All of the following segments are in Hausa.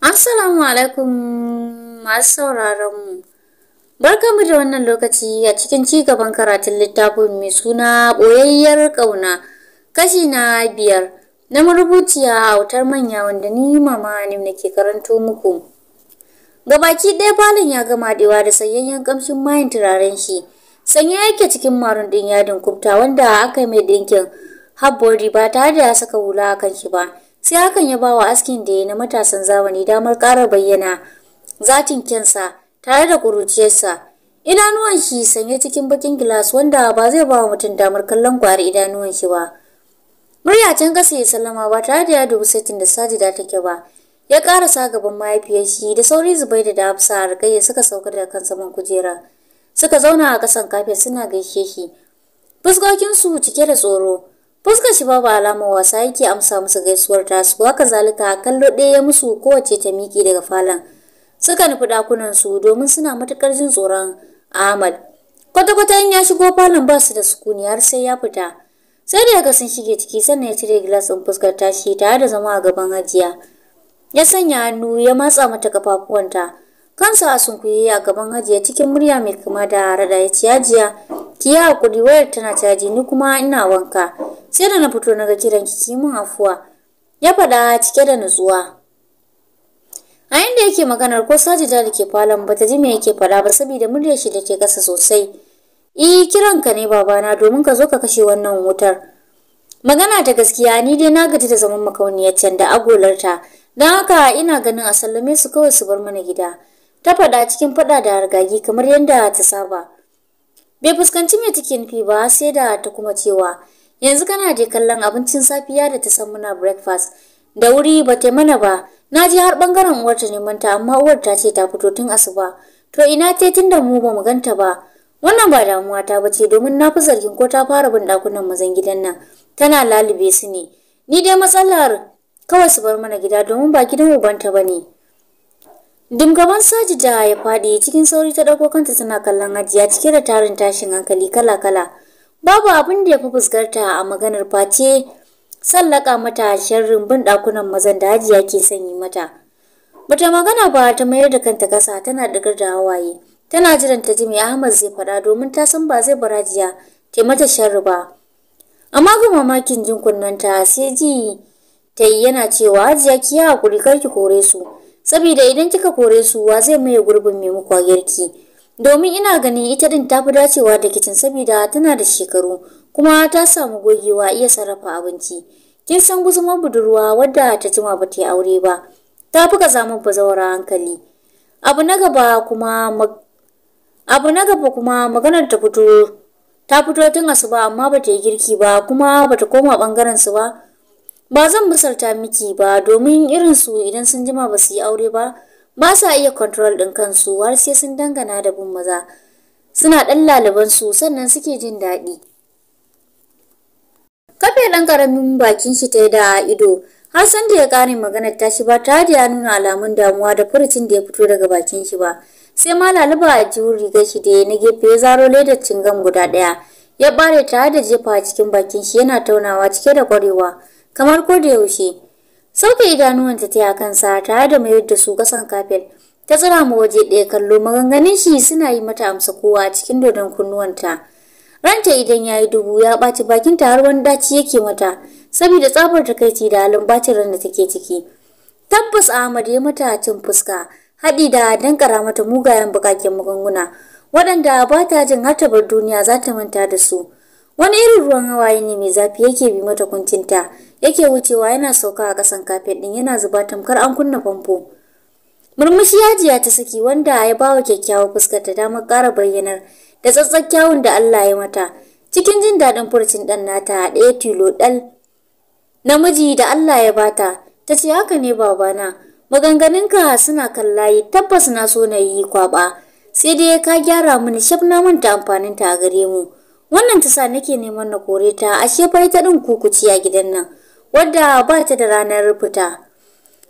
Assalamu alaikum masu sauraron mu. Barkamu da wannan lokaci a cikin ci gaban karatun littafin mai suna boyayyar ƙauna kashi na biyar na marubuciya autar manya wanda ni mama ne nake karanto muku. Gabaki ɗaya falon ya gama ɗewa da sanyayyen ƙamshin mayan turaren shi. sanya yake cikin marun din yadin kubta wanda aka mai ɗinkin habbori ba tare da ya saka hula a kan shi ba. sai hakan ya bawa askin da ya na matasan zamani damar ƙara bayyana zatin kyansa tare da ƙuruciyarsa idanuwan shi sanye cikin bakin gilas wanda ba zai ba wa mutum damar kallon kwari idanuwan shi ba murya can ƙasa ya sallama ba tare da ya dubi satin da sajida take ba ya ƙarasa gaban mahaifiyar shi da sauri zubai da hafsa a suka sauka da kan saman kujera suka zauna a ƙasan kafin suna gaishe shi fuskokinsu cike da tsoro fuskar shi babu alamar wasa yake amsa musu gaisuwar tasuwa haka zalika kallo ɗaya ya musu kowace ta miƙe daga falon suka nufi ɗakunan su domin suna matuƙar jin tsoron ahmad kwata-kwata in ya shigo falon ba su da sukuni har sai ya fita sai da yaga sun shige ciki sannan ya cire gilas in fuskar tashi tare da zama a gaban hajiya ya sanya hannu ya matsa mata kafafuwanta kansa a sunkuye a gaban hajiya cikin murya mai kama da rada ya ciyajiya hajiya ki yi hakuri wayar tana caji ni kuma ina wanka sai da na fito na ga kiran ki ki mun afuwa ya faɗa cike da nutsuwa a inda yake maganar ko saji da ke falon bata ji me yake faɗa ba saboda murya shi da ke kasa sosai eh kiranka ne babana domin ka zo ka kashe wannan wutar magana ta gaskiya ni dai na gaji da zaman makauniyar can da agolarta don haka ina ganin a sallame su kawai su bar mana gida ta faɗa cikin faɗa da hargagi kamar yadda ta saba bai fuskanci mai take nufi ba sai da ta kuma cewa yanzu kana je kallon abincin safiya da ta san muna breakfast da wuri ba ta mana ba na je har bangaren uwar ta neman ta amma uwar ta ce ta fito tun asuba to ina ce tun da mu ba mu ganta ba wannan ba damuwa ta ba ce, domin na fi zargin ko ta fara bin dakunan mazan gidan nan tana lalube su ne ni dai matsalar kawai su bar mana gida domin ba gidan ubanta ba ne Dumgaban da ya faɗi cikin sauri ta ɗauko kanta tana kallon hajiya cike da tarin tashin hankali kala-kala. Babu abin da ya fi fuskarta a maganar face sallaka mata sharrin bin ɗakunan mazan da hajiya ke sanyi mata. Bata magana ba ta mayar da kanta kasa tana ɗigar da hawaye. Tana jiran ta ji Ahmad zai faɗa domin ta san ba zai bar hajiya ta mata sharri ba. Amma ga mamakin jin kunnanta sai ji ta yi yana cewa hajiya ki yi hakuri kar ki kore su. saboda idan kika kore su wa zai maye gurbin mai muku girki domin ina ganin ita din tafi dacewa da kicin saboda tana da shekaru kuma ta samu gogewa iya sarrafa abinci kin san guzumar budurwa wadda ta jima ba ta yi aure ba ta fi kaza min bazawara hankali abu na gaba kuma abu na gaba kuma maganar ta fito ta fito tun asuba amma ba ta yi girki ba kuma ba ta koma bangaren su ba ba zan misalta miki ba domin irin su idan sun jima ba su yi aure ba ba sa iya control din kansu har sai sun dangana da bin maza suna dan laliban su sannan suke jin daɗi kafe ɗan karamin bakin shi ta da ido har san da ya ƙare maganar tashi ba ta da ya nuna alamun damuwa da furucin da ya fito daga bakin shi ba sai ma laluba a jihun rigar shi da na gefe ya zaro ledar cingam guda ɗaya ya bare tare da jefa cikin bakin shi yana taunawa cike da ƙwarewa kamar ko da yaushe sauke idanuwanta ta kansa tare da mayar da su kasan kafet ta tsira mu waje ɗaya kallo maganganun shi suna yi mata amsa kowa cikin dodon kunnuwanta ranta idan ya yi dubu ya ɓaci bakinta har wani daci yake mata saboda tsabar takaici da halin bacin ran da take ciki tabbas ahmad ya mata cin fuska haɗi da dankara mata mugayen bukakin magunguna waɗanda ba ta jin har ta bar duniya za ta manta da su wani irin ruwan hawaye ne mai zafi yake bi mata kuncinta yake wucewa yana sauka a ƙasan kafet ɗin yana zuba tamkar an kunna famfo. Murmushi yajiya ta saki wanda ya bawa kyakkyawar fuskar ta damar kara bayyanar da tsatsar kyawun da Allah ya mata. Cikin jin daɗin furcin ɗan nata ɗaya tilo ɗal. Namiji da Allah ya bata, ta ce haka ne babana, ka suna kan layi tabbas na so na yi kwaɓa. Sai dai ka gyara mini shaf na manta amfaninta a gare mu. Wannan ta sa nake neman na kore ta ashe fa ita ɗin kukuci a gidan nan. wadda ba ta da ranar fita.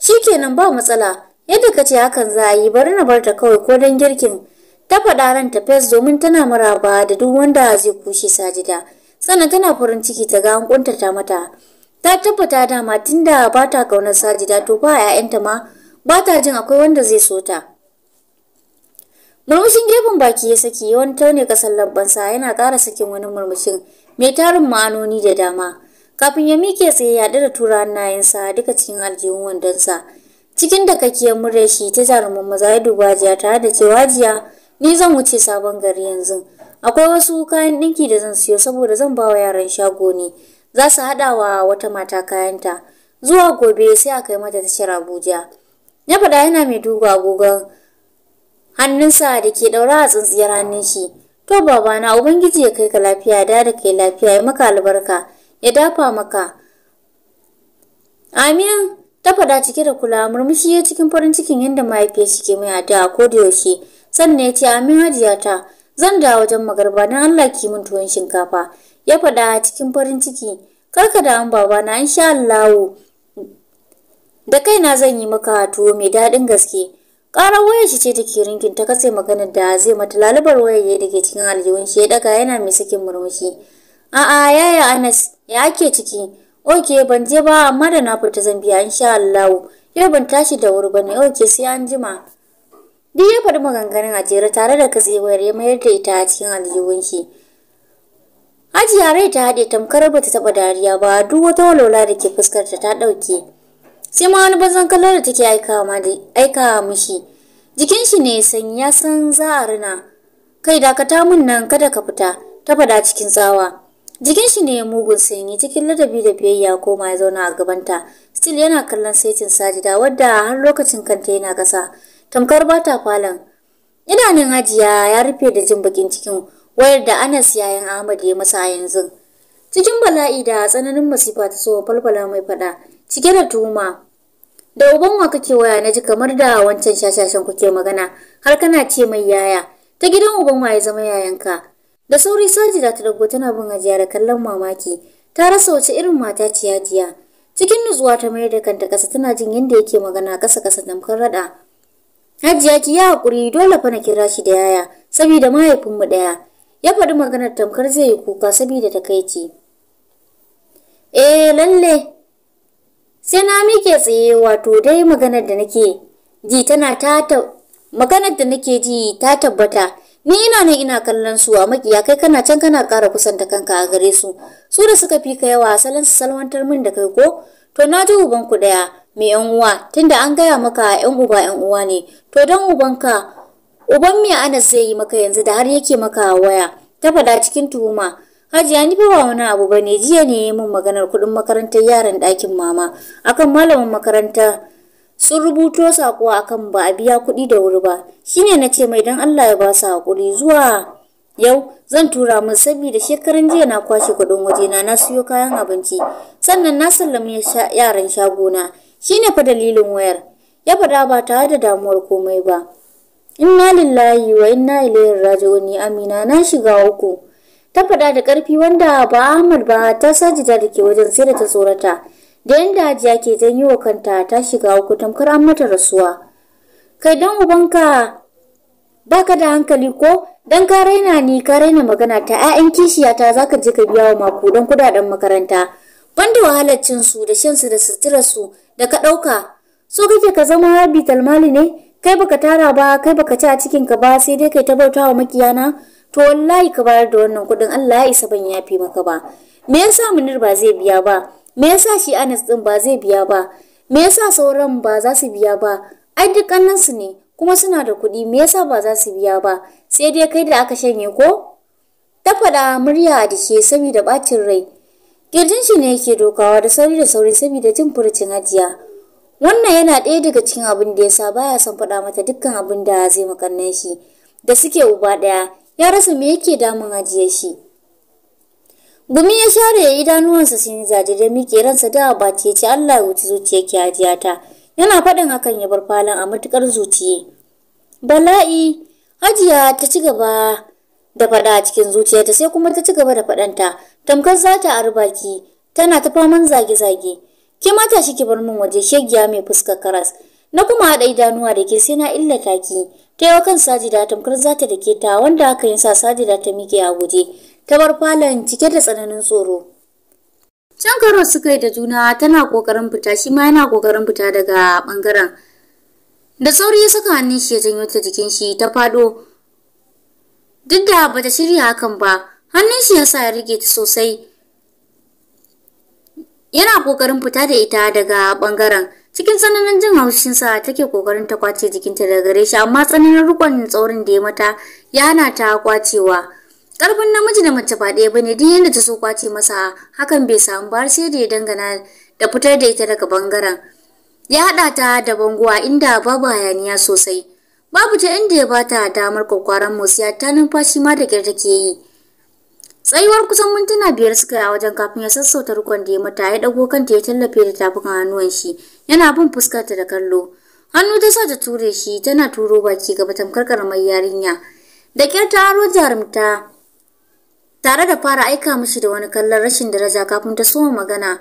Shikenan ba matsala, yadda ka ce hakan za a yi bari na bar ta kawai ko don girkin. Ta faɗa ran ta fes domin tana maraba da duk wanda zai kushe sajida. Sannan tana farin ciki ta ga hankunta ta mata. Ta tabbata dama tunda ba ta kaunar sajida to ba 'ya'yanta ma ba ta jin akwai wanda zai so ta. Murmushin gefen baki ya saki wani taune ƙasar lambansa yana ƙara sakin wani murmushin mai tarin ma'anoni da dama. kafin ya mike tsaye ya da tura hannayensa duka cikin aljihun wandonsa cikin da kake murya shi ta jarumin maza ya duba jiya tare da cewa jiya ni zan wuce sabon gari yanzu akwai wasu kayan ɗinki da zan siyo saboda zan ba wa yaran shago ne za su haɗa wa wata mata kayanta zuwa gobe sai a kai mata tashar abuja ya faɗa yana mai duba agogon hannunsa da ke ɗaura a tsintsiyar hannun shi to babana ubangiji ya kai ka lafiya da da kai lafiya ya maka albarka ya dafa maka amin ta faɗa cike da kula murmushi ya cikin farin cikin yadda mahaifiyar shi ke mai da ko da yaushe sannan ya ce amin hajiya ta zan da wajen magarba don Allah ki min tuwon shinkafa ya faɗa cikin farin ciki karka da damu baba na insha Allahu da kaina zan yi maka tuwo mai daɗin gaske ƙarar wayar shi ce take rinkin ta katse maganar da zai mata lalubar wayar da ke cikin aljihun shi ya daga yana mai sakin murmushi A'a yaya Anas, ya ake ciki? Oke ban je ba amma da na fita zan biya insha Allah. Yau ban tashi da wuri bane. Oke sai an jima. Duk ya faɗi maganganun a jere tare da ka katsewar ya mayar da ita a cikin aljihun shi. Hajiya rai ta haɗe tamkar ba ta taɓa dariya ba duk wata walwala da ke fuskarta ta ɗauke. Sai ma wani bazan kallon da take aikawa mishi. Jikin shi ne sanyi ya san za a rina. Kai dakata mun nan kada ka fita ta faɗa cikin tsawa. Jikin shi ne ya mugun sanyi cikin ladabi da biyayya koma ya zauna a gabanta. Still yana kallon saitin sajida wadda har lokacin kanta yana kasa. Tamkar ba ta falon. Idanun hajiya ya rufe da jin bakin cikin wayar da Anas yayin Ahmad ya masa a yanzu. Cikin bala'i da tsananin masifa ta so falfala mai fada cike da tuhuma. Da uban wa kake waya na ji kamar da wancan shashashan kuke magana har kana ce mai yaya. Ta gidan uban wa ya zama yayanka. Da sauri da ta dago tana bin ajiya da kallon mamaki. Ta rasa wace irin mata ce Cikin nutsuwa ta mayar da kanta ƙasa tana jin yadda yake magana ƙasa-ƙasa tamkar raɗa. Hajiya ki ya hakuri dole fa na kira shi da yaya saboda mahaifinmu ɗaya. Ya faɗi maganar tamkar zai yi kuka saboda takaici. Eh lalle sai na mike tsaye wato dai maganar da nake ji tana ta maganar da nake ji ta tabbata ni ina ne ina kallon su a makiya kai kana can kana ƙara kusanta kanka a gare su su da suka fi ka yawa salon su salwantar min da kai ko to na ji uban ku daya mai yan uwa tunda an gaya maka yan uba yan uwa ne to dan ubanka uban me Anas zai yi maka yanzu da har yake maka waya ta faɗa cikin tuhuma haji ya nufi wa wani abu bane jiya ne mun maganar kuɗin makarantar yaran ɗakin mama akan malamin makarantar sun rubuto sako akan ba a biya kuɗi da wuri ba Shi ne na ce mai don Allah ya ba su haƙuri zuwa yau zan tura min saboda shekaran jiya na kwashe kuɗin wajena na siyo kayan abinci sannan na sallame yaran shagona Shi ne fa dalilin wayar ya faɗa ba tare da damuwar komai ba inna lillahi wa inna ilaihi raji'un amina na shiga uku ta faɗa da ƙarfi wanda ba Ahmad ba ta sajida da ke wajen sai da ta tsorata da yanda hajiya ke janyo wa kanta ta shiga uku tamkar an mata rasuwa kai dan ubanka baka da hankali ko dan ka raina ni ka raina magana ta 'ya'yan kishiyata zaka je ka biya wa maku makudan kudaden makaranta banda wahalar cin su da shan da sutura su da ka dauka so kake ka zama Rabi talmali ne kai baka tara ba kai baka ci a cikin ka ba sai dai kai ta bauta wa makiyana to wallahi ka bayar da wannan kuɗin Allah ya isa ban yafi maka ba me yasa munir ba zai biya ba me yasa shi Anas din ba zai biya ba me yasa sauran ba za su biya ba ai duk su ne kuma suna da kuɗi me yasa ba za su biya ba sai dai kai da aka shanye ko ta faɗa murya a dike saboda ɓacin rai kirjin shi ne yake dokawa da sauri da sauri saboda jin furucin hajiya wannan yana ɗaya daga cikin abin da yasa baya son faɗa mata dukkan abin da zai makannan shi da suke uba ɗaya ya rasa me yake damun hajiya shi Gumi ya share ya idanuwansa sun yi da miƙe ransa da ba ya ce Allah ya wuce zuciya ki ta Yana faɗin hakan ya bar falon a matuƙar zuciye. Bala'i hajiya ta ci gaba da faɗa a cikin zuciyarta sai kuma ta ci gaba da faɗanta tamkar za ta arbaki tana ta faman zage-zage. Ki mata shi ki bar min waje shegiya mai fuska karas. Na kuma haɗa idanuwa da ke sai na illata ki. Ta yau kan sajida tamkar za ta dake ta wanda aka yi sa sajida ta miƙe a guje. ta bar falon cike da tsananin tsoro. Can karo suka yi da juna tana kokarin fita shi ma yana kokarin fita daga bangaren. Da sauri ya saka hannun shi ya janyo ta jikin shi ta fado. Duk da bata shirya hakan ba, hannun shi ya sa ya rike ta sosai. Yana kokarin fita da ita daga bangaren. Cikin tsananin jin haushinsa take kokarin ta kwace jikinta daga gare shi amma tsananin rukon tsaurin da ya mata ya hana ta kwacewa. Ƙarfin namiji da mace ba ɗaya bane duk yadda ta so kwace masa hakan bai samu ba sai da ya dangana da fitar da ita daga bangaren. Ya haɗa ta da banguwa inda babu hayaniya sosai. Babu ta inda ya ba ta damar kwakwaran motsiya ta numfashi ma da kyar take yi. Tsayuwar kusan mintuna biyar suka yi a wajen kafin ya sassauta rukon da ya mata ya ɗago kanta ya tallafe da tafukan hannuwan shi yana bin ta da kallo. Hannu ta sa ta ture shi tana turo baki gaba tamkar karamar yarinya. Da ƙyar ta aro jarumta tare da fara aika mishi da wani kallon rashin daraja kafin ta soma magana.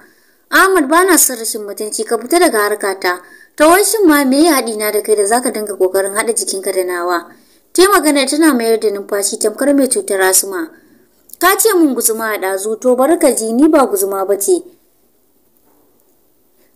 Ahmad bana son rashin mutunci ka fita daga harkata. Ta washin ma me ya haɗi na da kai da zaka dinga kokarin haɗa jikinka da nawa. Ta magana tana mayar da numfashi tamkar mai cutar asma. Ka ce mun guzuma a ɗazu to ka ji ni ba guzuma ba ce.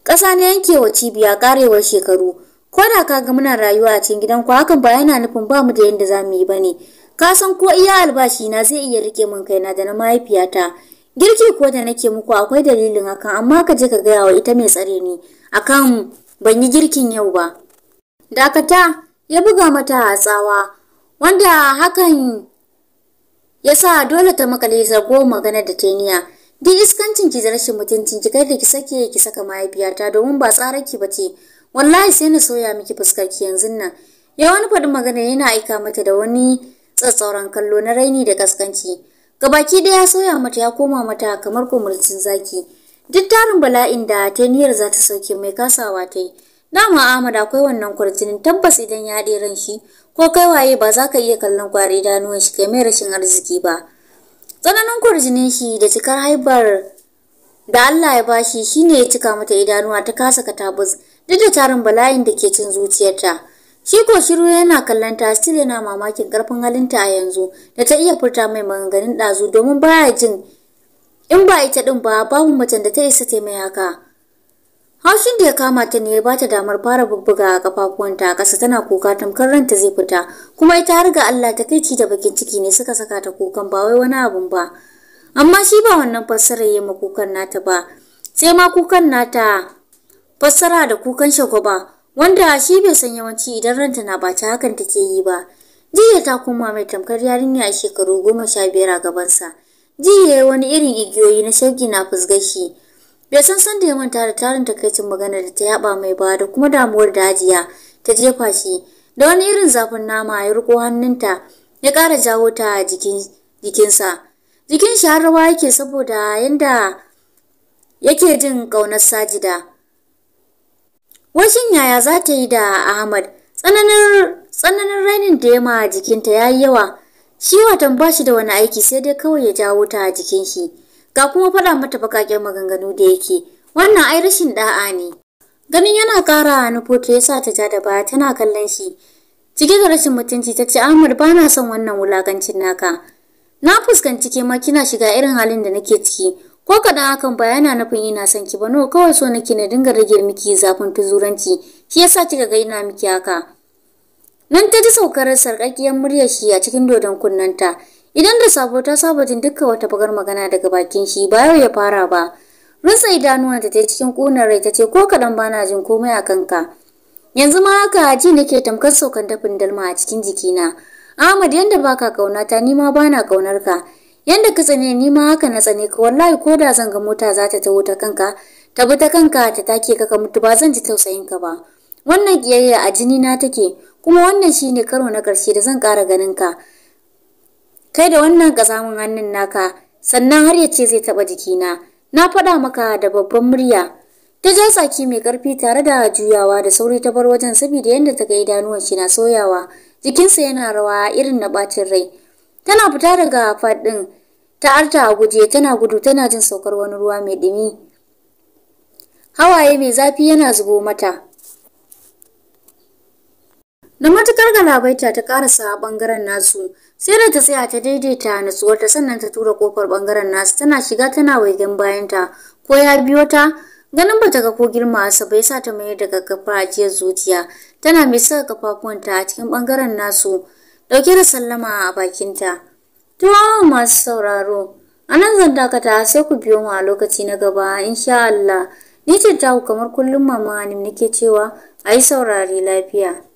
Ƙasa na yankewa cibiya ƙarewar shekaru. Ko da ka ga muna rayuwa a cikin gidan ku hakan ba yana nufin ba mu da yadda za mu yi ba ne. Ka san ko iya albashi na zai iya rike min kaina da na mahaifiyata. Girki ko da nake muku akwai dalilin hakan amma ka je ka gaya wa ita mai tsare ni akan ban yi girkin yau ba. Dakata ya buga mata a tsawa wanda hakan ya sa dole ta makale ko magana da teniya. Duk iskancin ki da rashin mutuncin ki kai da ki sake ki saka mahaifiyata domin ba tsarar ki bace. Wallahi sai na soya miki fuskar ki yanzu nan. Ya wani faɗin magana yana aika mata da wani tsatsauran kallo na raini da kaskanci gabaki ɗaya ya sauya mata ya koma mata kamar kumurcin zaki duk tarin bala'in da ta niyyar za ta sauke mai kasawa ta yi dama Ahmad akwai wannan kwarjinin tabbas idan ya haɗe ran shi ko kai waye ba za ka iya kallon kwari idanuwan shi kai mai rashin arziki ba tsananin kwarjinin shi da cikar haibar da Allah ya bashi shine ya cika mata idanuwa ta kasa katabus duk da tarin bala'in da ke cin zuciyarta Shi ko shiru yana kallon ta still yana mamakin karfin halinta a yanzu da ta iya furta mai maganganun ɗazu domin baya jin in ba ita ɗin ba babu macen da ta isa taimaka. mai haka. Haushin da ya kama ta ne ya bata damar fara bubbuga a kafafuwanta a kasa tana kuka tamkar ranta zai fita kuma ita har ga Allah ta kai ci da bakin ciki ne suka saka ta kukan ba wai wani abun ba. Amma shi ba wannan fassarar ya ma kukan nata ba sai ma kukan nata fassara da kukan ba wanda shi bai san yawanci idan ranta na ba ta hakan take yi ba. Jiya ta koma mai tamkar yarinya a shekaru goma sha biyar a gabansa. Jiya wani irin igiyoyi na shauki na fusgashi. Bai san san da ya manta da tarin takaicin magana da ta yaba mai ba da kuma damuwar da ajiya ta jefa shi. Da wani irin zafin nama ya riko hannunta ya kara jawo ta a jikinsa. Jikin shi har rawa yake saboda yanda yake jin ƙaunar sajida. Wajen yaya za ta yi da Ahmad, tsananin rainin da ya ma jikinta ya yi yawa, shi watan ba shi da wani aiki sai dai kawai ya jawo ta a jikin shi, ga kuma faɗa mata baƙaƙen maganganu da yake, wannan ai rashin ɗa'a ne. Ganin yana ƙara nufoto ya sa ta ja da baya tana kallon shi, cike da rashin mutunci ta ce Ahmad ba na son wannan wulakancin naka. Na fuskanci kema kina shiga irin halin da nake ciki, ko kadan akan baya yana nufin ina son ki ba no kawai so nake na dinga rage miki zafin tuzuranci shi yasa kika ga ina miki haka nan ta ji saukar sarkakiyar muryar shi a cikin dodon kunnanta idan da sabo ta saba jin dukkan wata bagar magana daga bakin shi ba yau ya fara ba rutsa idanuwan ta cikin kunar rai ta ce ko kadan bana jin komai a kanka yanzu ma haka ji nake tamkar saukan dafin dalma a cikin jikina Ahmad yanda baka kaunata ni ma bana kaunar ka yanda ka tsane ni ma haka na tsane ka wallahi ko da zan ga mota za ta taho ta kanka ta bi ta kanka ta take ka ka mutu ba zan ji tausayin ka ba wannan kiyayya a jini na take kuma wannan shine karo na karshe da zan ƙara ganin ka kai da wannan ƙazamin hannun naka sannan har ya ce zai taba jikina na faɗa maka da babban murya ta ja tsaki mai ƙarfi tare da juyawa da sauri ta bar wajen saboda yadda ta ga idanuwan shi na soyawa jikinsa yana rawa irin na ɓacin rai tana fita daga faɗin ta arta a guje tana gudu tana jin saukar wani ruwa mai ɗimi hawaye mai zafi yana zubo mata da matukar galabaita ta karasa a bangaren nasu sai da ta tsaya ta daidaita natsuwarta sannan ta tura kofar bangaren nasu tana shiga tana waigen bayanta ko ya biyo ta ganin bata ga ko girma sa bai sa ta mayar da gaggafa jiyar zuciya tana mai saka kafafuwanta a cikin bangaren nasu dauke da sallama a bakinta Tuwa masu sauraro, a nan zan dakata sai ku biyo mu a lokaci na gaba, insha Allah. Ni ce taku kamar kullum mama nake cewa a yi saurari lafiya.